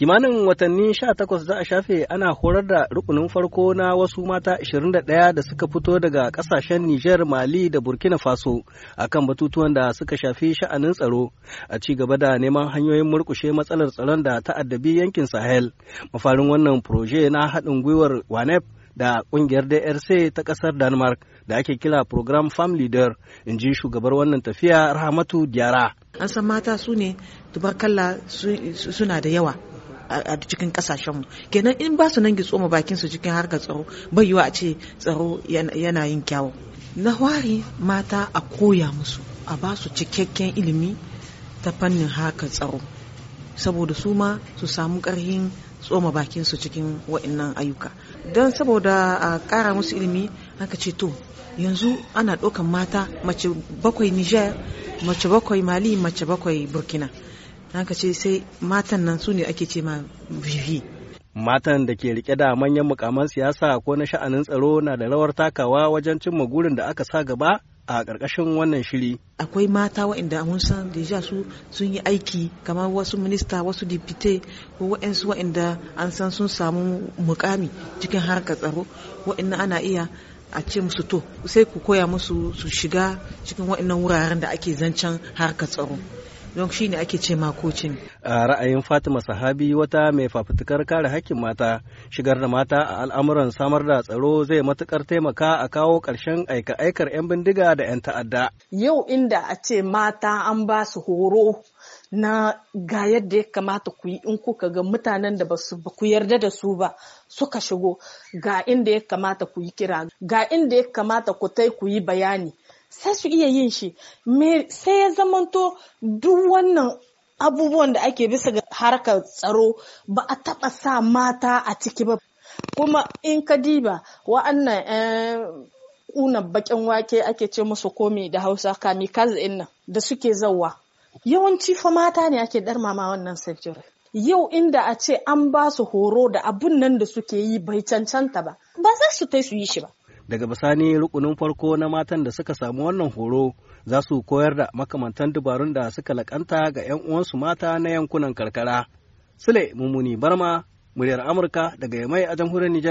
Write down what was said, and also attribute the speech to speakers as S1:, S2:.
S1: kimanin watanni 18 za a shafe ana horar da rukunin farko na wasu mata 21 da suka fito daga kasashen Nijar, Mali da Burkina Faso akan batutuwan da suka shafi sha'anin tsaro a ci gaba da neman hanyoyin murkushe matsalar tsaron da ta'addabi yankin Sahel. Mafarin wannan proje na haɗin gwiwar WANEP da ƙungiyar DRC ta ƙasar Denmark da ake kira Program Farm Leader, in ji shugabar wannan tafiya Rahmatu Diara. An san mata su ne tubakalla suna da yawa.
S2: a cikin kasashen mu kenan in ba su nan gitso bakin su cikin harka tsaro bai yiwa a ce tsaro yana yin kyawu na ware mata a koya musu a ba su cikakken ilimi ta fannin haka tsaro saboda su ma su samu karhin tsoma bakin su cikin wa'annan ayyuka don saboda a kara musu ilimi aka ce to yanzu ana ɗaukan mata mace bakwai niger mace bakwai mali mace bakwai burkina naka ce sai matan nan su ne ake
S1: ce ma vivi matan da ke rike da manyan mukaman siyasa ko na sha'anin tsaro na da rawar takawa wajen cimma gurin da aka sa gaba a ƙarƙashin wannan shiri. Akwai
S2: mata waɗanda mun san deja su sun yi aiki kamar wasu minista wasu dipite ko waɗansu waɗanda an san sun samu mukami cikin harkar tsaro waɗanda ana iya a ce musu to sai ku koya musu su shiga cikin waɗannan wuraren da ake zancen harkar tsaro. don ne ake ce ma
S1: a ra'ayin Fatima Sahabi wata mai fafutukar kare hakkin mata shigar da mata a al'amuran samar da tsaro zai matukar taimaka a kawo ƙarshen aika-aikar 'yan bindiga da 'yan ta'adda
S3: yau inda a ce mata an ba su horo na ga yadda ya kamata ku yi in kuka ga mutanen da ba ku yarda da su ba suka shigo ga inda ya kamata ku yi kira ga inda ya kamata ku tai ku yi bayani sai su iya yin shi me sai ya zamanto duk wannan abubuwan da ake bisa ga harkar tsaro ba a taɓa sa mata a ciki ba kuma in ka diba wa'annan eh, ƙunan bakin wake ake ce musu komi da hausa kamikaze ɗin nan da suke zawa yawanci fa mata ne ake darmama wannan sentiri yau inda a ce an ba su horo da abun nan da suke yi bai cancanta ba ba za su tai su yi
S1: shi ba daga bisani rukunin farko na matan da suka samu wannan horo za su koyar da makamantan dubarun da suka lakanta ga 'yan uwansu mata na yankunan karkara sule mummuni barma muryar amurka daga yamai a jamhuriyar nijar